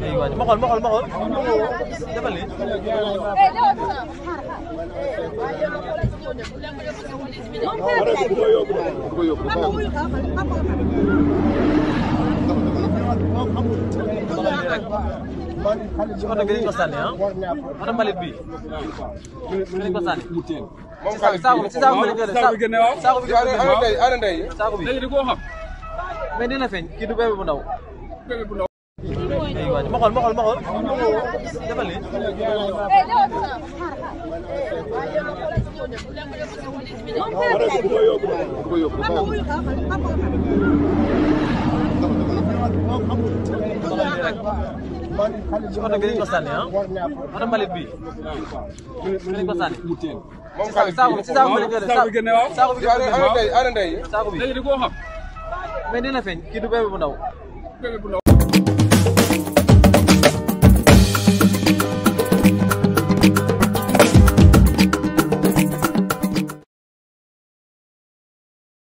ma xool ma xool ma xool defal li ci oto bi dañ ko sànni ah oto mbalit bi dañ ko sànni saako bi saako bi lañ koy def saako bi saako bi saako bi léegi di ko xam mais dina feeñ kii du bébé bu ndaw wàññi ma xool ma xool ma xool defal lii. ci oto bi dañ ko sànni ah oto mbalit bi dañ ko sànni. saako bi ci saako bi lañ génne saako bi saako bi. léegi di ko xam. mais dina feeñ kii du bébé bu ndaw.